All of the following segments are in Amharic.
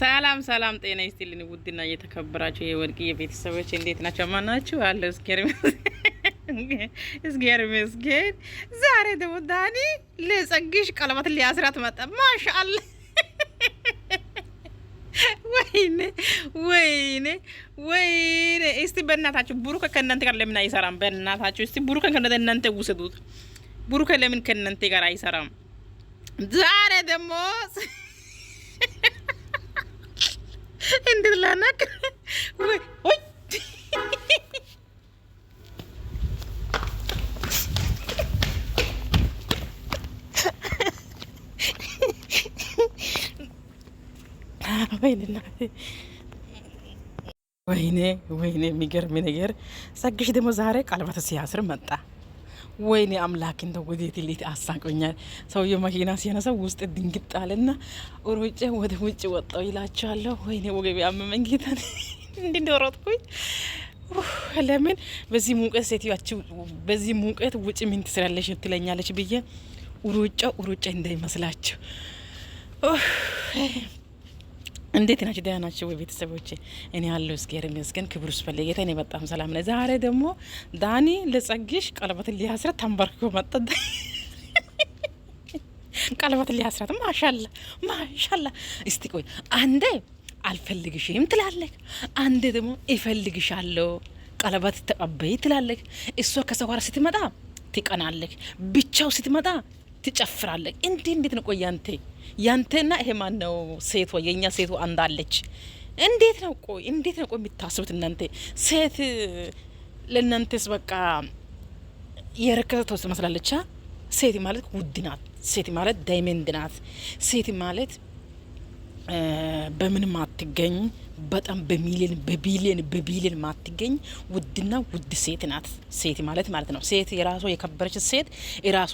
ሰላም ሰላም፣ ጤና ይስጥልኝ ውድና እየተከበራችሁ የወርቅዬ ቤተሰቦች እንዴት ናቸው? ማናችሁ አለ እስጌር ምስጌን። ዛሬ ደግሞ ዳኒ ለጸግሽ ቀለበት ሊያስራት መጣ። ማሻአላ ወይኔ ወይኔ ወይኔ! እስቲ በእናታችሁ ብሩክ ከእናንተ ጋር ለምን አይሰራም? በእናታችሁ እስቲ ብሩክ ከእናንተ እናንተ ውሰዱት። ብሩክ ለምን ከእናንተ ጋር አይሰራም? ዛሬ ደግሞ ఎందులానక్ ఓయ్ ወይኔ ወይኔ የሚገርም ነገር ጸግሽ ደግሞ ዛሬ ቀለበተ ሲያስር መጣ ወይኔ አምላክ እንደ ወዴት ሌት አሳቆኛል። ሰውየው መኪና ሲያነሳ ውስጥ ድንግጥ አለና ሮጬ ወደ ውጭ ወጣው ይላቸዋለሁ። ወይኔ ወገቤ አመመኝ። ጌታ እንዲንደሮጥኩኝ ለምን በዚህ ሙቀት ሴትዮች በዚህ ሙቀት ውጭ ምን ትስላለሽ ትለኛለች ብዬ ሩጫ ሩጫ እንዳይመስላቸው እንዴት ናቸው? ደህና ናቸው ወይ ቤተሰቦቼ? እኔ ያለው እስኪር ይመስገን፣ ክብር ይስፋል ጌታ። እኔ በጣም ሰላም ነኝ። ዛሬ ደግሞ ዳኒ ለጸግሽ ቀለበት ሊያስረት ተንበርክኮ መጣ። ቀለበት ሊያስረት ማሻላ ማሻላ። እስቲ ቆይ አንዴ አልፈልግሽም ትላለህ፣ አንዴ ደግሞ እፈልግሻለሁ ቀለበት ተቀበይ ትላለህ። እሷ ከሰው ጋር ስትመጣ ትቀናለህ፣ ብቻው ስትመጣ ትጨፍራለች እንዴ! እንዴት ነው? ቆይ ያንተ ያንተና ይሄ ማን ነው? ሴቷ የእኛ ሴቷ አንዳለች። እንዴት ነው? ቆይ እንዴት ነው? ቆይ የምታስቡት እናንተ ሴት ለእናንተስ በቃ የረከሰ ትመስላለች። ሴት ማለት ውድ ናት። ሴት ማለት ዳይመንድ ናት። ሴት ማለት በምንም ማትገኝ በጣም በሚሊዮን በቢሊዮን በቢሊዮን ማትገኝ ውድና ውድ ሴት ናት። ሴት ማለት ማለት ነው። ሴት የራሷ የከበረች ሴት የራሷ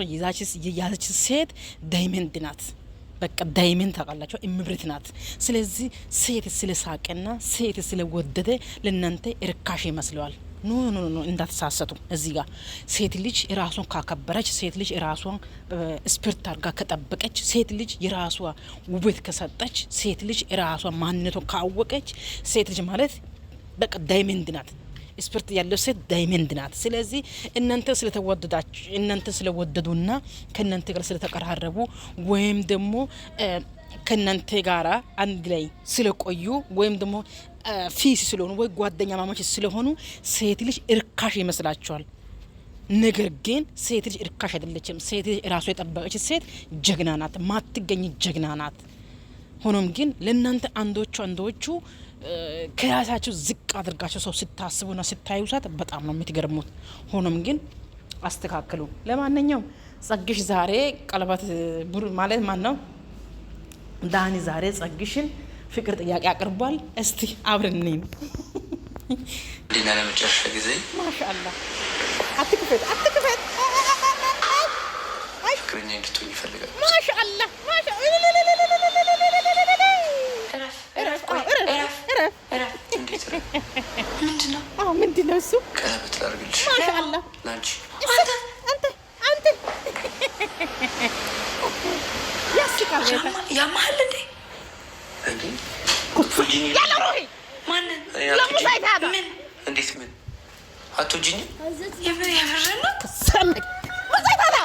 የያዘች ሴት ዳይመንድ ናት። በቃ ዳይመንድ ታውቃላቸው፣ እምብርት ናት። ስለዚህ ሴት ስለ ሳቀና ሴት ስለ ወደደ ለእናንተ እርካሽ ይመስለዋል። ኖ ኖ ኖ እንዳትሳሰቱ። እዚህ ጋር ሴት ልጅ ራሷን ካከበረች፣ ሴት ልጅ ራሷን ስፒርት አድርጋ ከጠበቀች፣ ሴት ልጅ የራሷ ውበት ከሰጠች፣ ሴት ልጅ ራሷ ማንነቷን ካወቀች፣ ሴት ልጅ ማለት በቃ ዳይመንድ ናት። ስፕርት ያለው ሴት ዳይመንድ ናት። ስለዚህ እናንተ ስለተወደዳችሁ እናንተ ስለወደዱና ከእናንተ ጋር ስለተቀራረቡ ወይም ደግሞ ከእናንተ ጋራ አንድ ላይ ስለቆዩ ወይም ደግሞ ፊስ ስለሆኑ ወይ ጓደኛ ማማች ስለሆኑ ሴት ልጅ እርካሽ ይመስላችኋል። ነገር ግን ሴት ልጅ እርካሽ አይደለችም። ሴት ልጅ ራሱ የጠበቀች ሴት ጀግና ናት፣ ማትገኝ ጀግና ናት። ሆኖም ግን ለእናንተ አንዶቹ አንዶቹ ከራሳቸው ዝቅ አድርጋቸው ሰው ስታስቡና ስታዩ ሳት በጣም ነው የምትገርሙት። ሆኖም ግን አስተካክሉ። ለማንኛውም ጸግሽ ዛሬ ቀለበት ማለት ማን ነው ዳኒ ዛሬ ጸግሽን ፍቅር ጥያቄ አቅርቧል። እስቲ አብረን ነኝ ለመጨረሻ ጊዜ ማሻአላ አትክፈት አትክፈት ፍቅረኛ እንድትሆኝ ይፈልጋል። ማሻ ምንድነው እሱ ቀለበት ላርግልሽ ያማል እንዴ?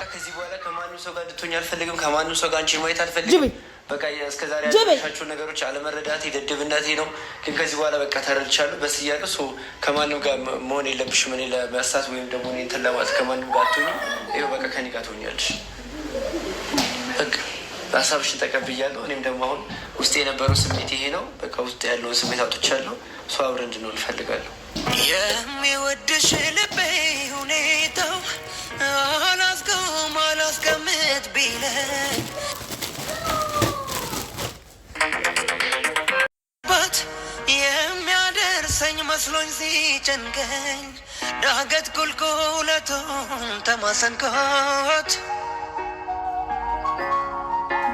ከዚህ በኋላ ከማንም ሰው ጋር እንድትሆኝ አልፈልግም። ከማንም ሰው ጋር አንቺን ማየት አልፈልግም። በቃ እስከዛሬ ያሻቸውን ነገሮች አለመረዳቴ የደደብነት ነው። ግን ከዚህ በኋላ በቃ ተረድቻለሁ። በስያቅ ሰ ከማንም ጋር መሆን የለብሽም። እኔ ለመሳት ወይም ደግሞ እንትን ለማለት ከማንም ጋር አትሆኝም። ይኸው በቃ ከኔ ጋር ትሆኛለሽ። በሀሳብሽን ተቀብያለሁ። እኔም ደግሞ አሁን ውስጥ የነበረው ስሜት ይሄ ነው። በቃ ውስጥ ያለውን ስሜት አውጥቻለሁ። ሰው አብረን እንድንሆን እፈልጋለሁ። የሚወድሽ ልቤ ሁኔታው አላስገምት ቢለ ባት የሚያደርሰኝ መስሎኝ ሲጨንቀኝ ዳገት ቁልቁለቱን ተማሰንካት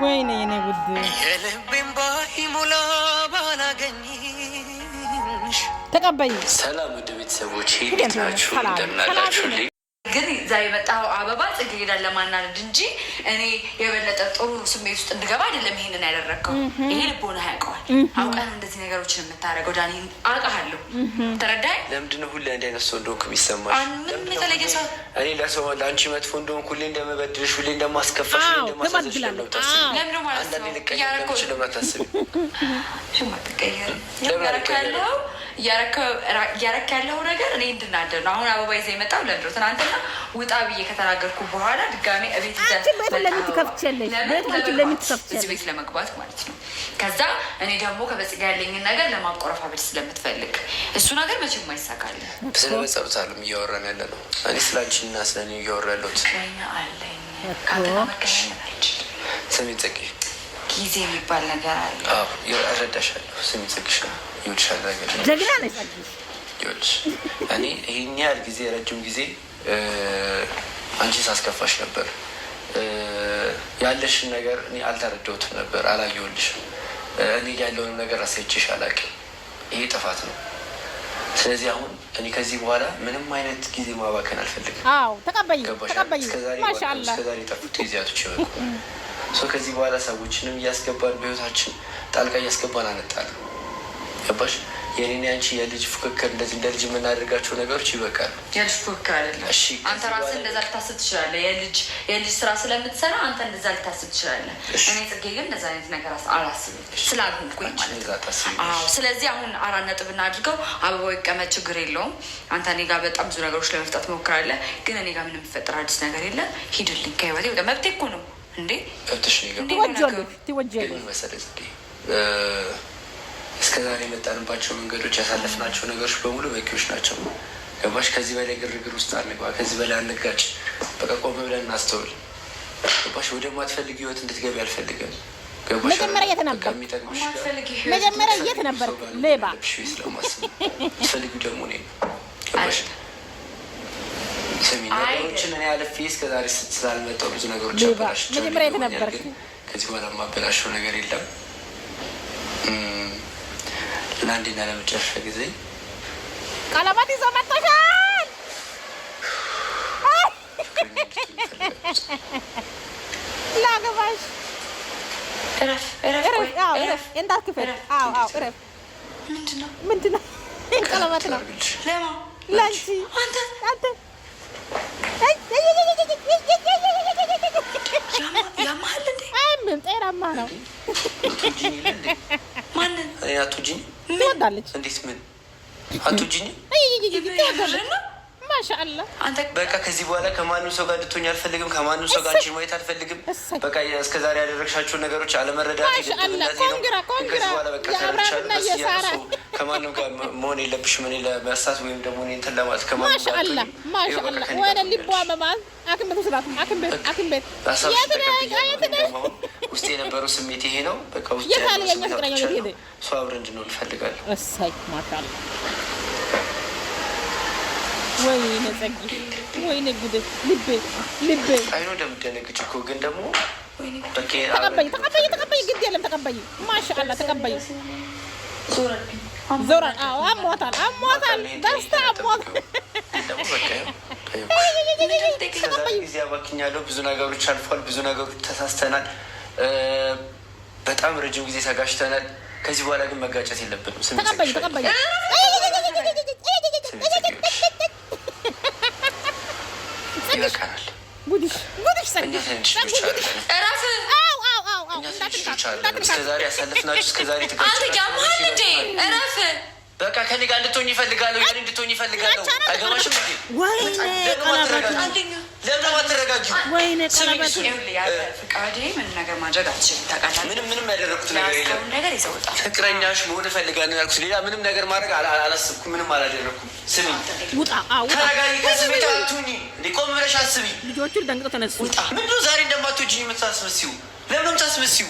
ወይኔ የኔ ውድ የልቤን ተቀበይ። ሰላም ውድ ቤተሰቦች ናችሁ፣ እንደምናላችሁልኝ ግን እዛ የመጣው አበባ ጽጌረዳን ለማናደድ እንጂ እኔ የበለጠ ጥሩ ስሜት ውስጥ እንድገባ አይደለም። ይሄንን ያደረግከው ይሄ ልቦና ያውቀዋል። አውቀን እንደዚህ ነገሮችን የምታደርገው ዳኒ አውቃለሁ። ተረዳኸኝ? ለምንድን ሁሌ አንድ አይነት ሰው እንደሆንኩ የሚሰማሽ? ምንም የተለየ ሰው እኔ ለሰው ለአንቺ መጥፎ እንደሆንኩ ሁሌ እንደመበድልሽ፣ ሁሌ እንደማስከፋሽ፣ እንደማሳዘሽ ነው ታስቢ። ለምን ማለት ነው እያረክ ያለው ነገር እኔ እንድናደር ነው። አሁን አበባ ይዘ የመጣው ለምድሮ ትናንትና ውጣ ብዬ ከተናገርኩ በኋላ ድጋሜ እቤት ቤት ለመግባት ማለት ነው። ከዛ እኔ ደግሞ ከበጽጋ ያለኝን ነገር ለማቆረፋበድ ስለምትፈልግ እሱ ነገር መቼም አይሳካል። ስለ መጸብታሉም እያወራን ያለ ነው። እኔ ስለ አንቺና ስለ እኔ እያወራ ያለሁት ስሚ ጽጌ፣ ጊዜ የሚባል ነገር አለ። እረዳሻለሁ። ስሚ ጽጌሽ ነው ጀግና ነች። እኔ ይህን ያህል ጊዜ ረጅም ጊዜ አንቺ ሳስከፋሽ ነበር። ያለሽን ነገር እኔ አልተረዳሁትም ነበር፣ አላየሁልሽም። እኔ ያለውንም ነገር አሳይቼሽ አላውቅም። ይሄ ጥፋት ነው። ስለዚህ አሁን እኔ ከዚህ በኋላ ምንም አይነት ጊዜ ማባከን አልፈልግም። እስከዛሬ የጠፉት ጊዜያቶች ይበሉ። ከዚህ በኋላ ሰዎችንም እያስገባን በህይወታችን ጣልቃ እያስገባን ገባሽ? የኔን ያንቺ የልጅ ፉክክር እንደዚህ እንደ ልጅ የምናደርጋቸው ነገሮች ይበቃል። የልጅ ፉክክር አይደለም። አንተ ራስህ እንደዛ ልታስብ ትችላለህ። የልጅ የልጅ ስራ ስለምትሰራ አንተ እንደዛ ልታስብ ትችላለህ። እኔ ጽጌ ግን እንደዛ አይነት ነገር አላስብም ስላልሆንኩኝ ማለት ነው። ስለዚህ አሁን አራት ነጥብ እናድርገው። አበባው ይቀመጥ፣ ችግር የለውም። አንተ እኔ ጋር በጣም ብዙ ነገሮች ለመፍጣት ሞክራለህ፣ ግን እኔ ጋር ምንም የሚፈጠር አዲስ ነገር የለም። ሂድልኝ ከህይወቴ በቃ። መብቴ እኮ ነው እንዴ? መብትሽ ነው። ይገባል። ወንጀል ጽጌ እስከዛሬ የመጣንባቸው መንገዶች ያሳለፍናቸው ነገሮች በሙሉ በቂዎች ናቸው። ገባሽ? ከዚህ በላይ ግርግር ውስጥ አንግባ፣ ከዚህ በላይ አንጋጭ። በቃ ቆም ብለን እናስተውል። ገባሽ? ወደማትፈልግ ህይወት እንድትገቢ አልፈልግም። መጀመሪያ የት ነበር? መጀመሪያ የት ነበር? ሌባ ስለማስፈልግ ደግሞ ገባሽ ነገሮችን እኔ አልፌ ስላልመጣሁ ብዙ ነገሮች መጀመሪያ የት ነበር? ከዚህ በኋላ የማበላሸው ነገር የለም። ለአንዴና ለመጨረሻ ጊዜ ቀለበት ይዞ መጥቶሻል። ላገባሽ ቀለበት ነው ለአንቺ ጤናማ ነው። ትወዳለች። እንዴት ምን አትወጂኝም? ትወዳለች ማሻአላ አንተ በቃ ከዚህ በኋላ ከማንም ሰው ጋር እንድትሆኝ አልፈልግም። ከማንም ሰው ጋር አንቺን ማየት አልፈልግም። በቃ እስከዛሬ ያደረግሻቸውን ነገሮች አለመረዳት ከማንም ጋር መሆን የለብሽም። እኔ ለመርሳት ወይም ደግሞ እንትን ለማለት ከማንም ውስጥ የነበረው ስሜት ይሄ ነው። በቃ ውስጥ ያለው ስሜት አብረን እንድንሆን እፈልጋለሁ። ወይኔ ጸጊ፣ ወይኔ ጉድ! ልቤ ልቤ አይኑ እንደምትደነግጭ እኮ ግን ደግሞ ተቀበይ ተቀበይ ተቀበይ፣ ግድ የለም ተቀበይ። ማሻአላ ተቀበይ። ዞራ አዎ፣ አሟታል አሟታል፣ ደስታ አሟታል። ጊዜ አባክኛለሁ። ብዙ ነገሮች አልፏል። ብዙ ነገሮች ተሳስተናል። በጣም ረጅም ጊዜ ተጋጭተናል። ከዚህ በኋላ ግን መጋጨት የለብንም። ጉድሽ ጉድሽ ጉድሽ በቃ ከኔ ጋር እንድትሆኝ ይፈልጋለሁ። ያን እንድትሆኝ ይፈልጋለሁ። አይገባሽም እንዴ? ለምን አትረጋጊ? ፍቃዴ ምን ነገር ማድረግ አልችልም። ታውቃለህ፣ ምንም ምንም ያደረኩት ነገር የለም። ፍቅረኛሽ መሆን እፈልጋለሁ ያልኩት ሌላ ምንም ነገር ማድረግ አላስብኩም። ምንም አላደረኩም። ስሚ፣ ውጣ፣ ተረጋጊ፣ ከስሜት አትሁኚ። ቆም ብለሽ አስቢ። ልጆቹ ደንግጠው ተነሱ። ውጣ። ምንድን ነው ዛሬ እንደማትወጂኝ የምታስመስይው? ለምን ነው የምታስመስይው?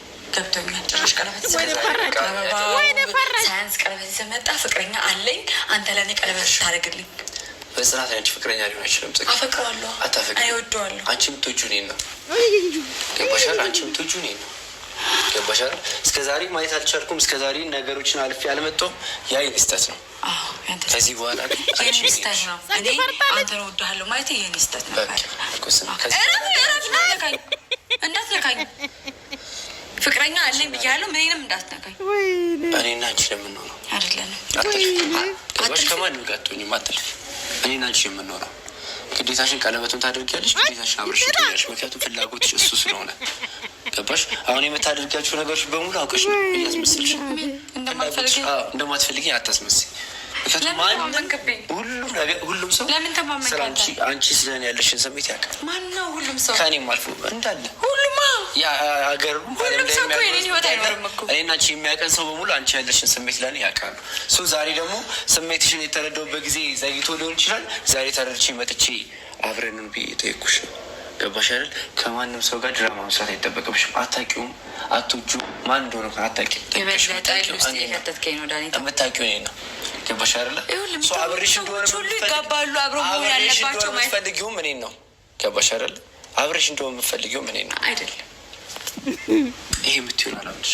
ገብቶኛል። ጭራሽ ቀለበት ሳያንስ ቀለበት ይዘመጣ ፍቅረኛ አለኝ አንተ ለእኔ ቀለበት ታደርግልኝ በጽናት ነች ፍቅረኛ ሊሆን አይችልም። ጽጌ አፈቅረዋለሁ፣ አታፈቅሪም፣ አይወደዋለሁ። አንቺ ብትወጁ እኔን ነው ገባሻል? አንቺ ብትወጁ እኔን ነው ገባሻል? እስከ ዛሬ ማየት አልቻልኩም። እስከ ዛሬ ነገሮችን አልፌ አልመጣሁም። ያ ስህተት ነው። ከዚህ በኋላ አንተን እወድሃለሁ ማለቴ የኔ ስህተት ነው። እንዳትነካኝ፣ እንዳትነካኝ ፍቅረኛ አለኝ ብያለሁ። ምንም እንዳትነካኝ። እኔ አንቺ የምንሆነው አይደለም። አትልፊ፣ ከማንም ጋር አትሆኝም። አትልፊ። እኔና አንቺ የምንሆነው ግዴታሽን ቀለበቱን ታደርጊያለሽ፣ ግዴታሽን አብረሽ ትያለሽ። ምክንያቱም ፍላጎትሽ እሱ ስለሆነ ገባሽ። አሁን የምታደርጊያቸው ነገሮች በሙሉ አውቀሽ ነው እያስመሰልሽ እንደማትፈልጊ አታስመስይ። ሁሉም ሰው አንቺ ስለኔ ያለሽን ስሜት ያውቃል። ማነው ሁሉም ሰው ከእኔም አልፎ እንዳለ ሁሉም ሀገር እኔና አንቺ የሚያውቀን ሰው በሙሉ አንቺ ያለሽን ስሜት ለኔ ያውቃሉ። ዛሬ ደግሞ ስሜትሽን የተረዳሁበት ጊዜ ዘግይቶ ሊሆን ይችላል። ዛሬ ተረድቼ መጥቼ አብረንን ብዬ ጠየኩሽ ነው ገባሽ አይደል? ከማንም ሰው ጋር ድራማ መስራት አይጠበቅብሽም። አታውቂውም፣ አትወጁ ማን እንደሆነ አታውቂም። የምታውቂው እኔ ነው። ገባሽ አይደለ? አብሬሽ እንደሆነ ይጋባሉ። አብሮ መሆን ያለባቸው የምትፈልጊውም እኔ ነው። ገባሽ አይደለ? አብሬሽ እንደሆነ የምትፈልጊውም እኔ ነው አይደለም? ይሄ የምትሆን አላምንሽ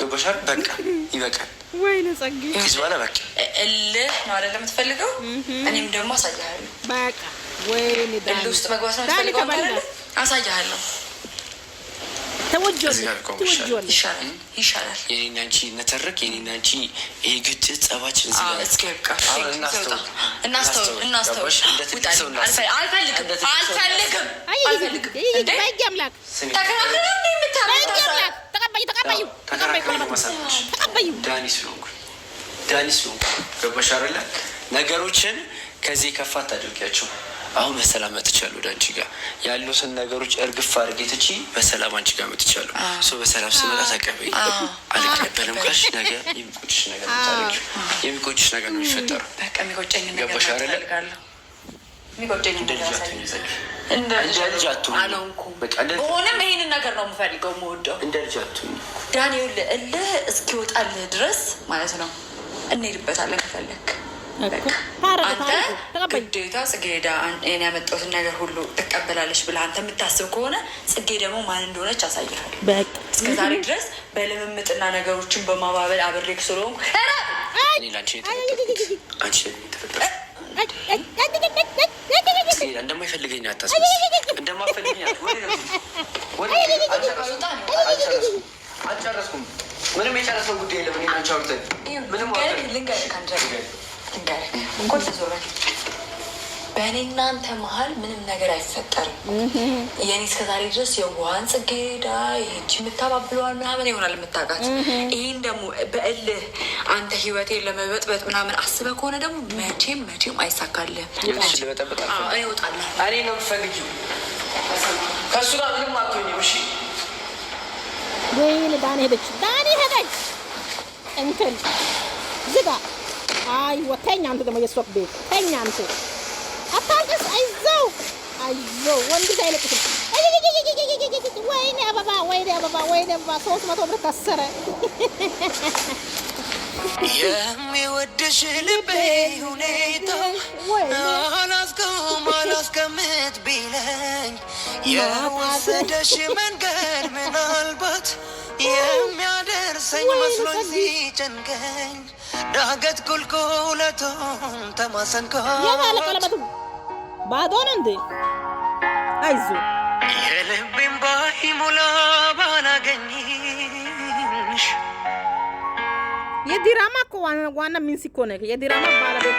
ገባሻል? በቃ ይበቃል። ወይኔ ጸጌ ከዚህ በኋላ በቃ እልህ ነው አይደለም የምትፈልገው? እኔም ደግሞ አሳያለሁ። በቃ ወይኔ እልህ ውስጥ መግባት ነው የምትፈልገው? አሳያለሁ። ይሻላል፣ ይሻላል። የኔና አንቺ ነተርክ፣ የኔና አንቺ ይሄ ግጭት ጸባችን እናስተውል። ማሳለች ዳኒ ስለሆንኩ ዳኒ ስለሆንኩ ገባሽ አይደለ? ነገሮችን ከዚህ ከፍ አታድርጊያቸው። አሁን በሰላም መጥቻለሁ ወደ አንቺ ጋር ያሉትን ነገሮች እርግፍ አድርጌ ትቼ በሰላም አንቺ ጋር መጥቻለሁ። ሰው በሰላም ስመጣ ተቀበይ። አልቀበልም ካልሽ ነገ የሚቆጭሽ ነገር ነው የሚፈጠረው። ገባሽ አይደለ? በሆነም ይሄንን ነገር ነው የምፈልገው የምወደው ዳንኤል እልህ እስኪወጣልህ ድረስ ማለት ነው። እንሄድበታለን ከፈለክ አንተ ግዴታ ጽጌዳ እኔ ያመጣሁትን ነገር ሁሉ ትቀበላለች ብለህ አንተ የምታስብ ከሆነ ጽጌ ደግሞ ማን እንደሆነች አሳይሃል። እስከዛሬ ድረስ በልምምጥና ነገሮችን በማባበል አብሬክ ስለሆንኩ እንደማይፈልገኝ አታስመስል። እንደማይፈልገኝ አልጨረስኩም። በእኔ እናንተ መሀል ምንም ነገር አይፈጠርም። የኔ እስከዛሬ ድረስ የዋን ጽጌዳ ይህች የምታባብለዋል ምናምን ይሆናል የምታውቃት። ይህን ደግሞ በእልህ አንተ ህይወቴን ለመበጥበጥ ምናምን አስበ ከሆነ ደግሞ መቼም መቼም አይሳካልህም። እወጣለሁ። እኔ ነው የምትፈልጊው ከእሱ ጋር ምንም አትሆኝም። እሺ ወይ ዳኔ ሄደች፣ ዳኔ ሄደች። እንትን ዝጋ። አይ ወተኛ አንተ ደግሞ የሶቅ ቤት ተኛ አንተ ታገስ፣ አይዞው አይዞው፣ ወንድ አይለቅስም። ወይኔ አበባ፣ ወይኔ አበባ፣ ወይኔ አበባ፣ ሶስት መቶ ብር ታሰረ። የሚወድሽ ልቤ ሁኔታ አላስቆም አላስቀምጥ ቢለኝ የወሰደሽ መንገድ ምናልባት የሚያደርሰኝ መስሎኝ ሲጨንቀኝ ዳገት ቁልቁለቱን ተማሰንካ ባዶ ነው አይዞ የልቤን ባይሞላ ባላገኝሽ የዲራማ እኮ ዋና ሚንስ እኮ ነው የዲራማ ባላ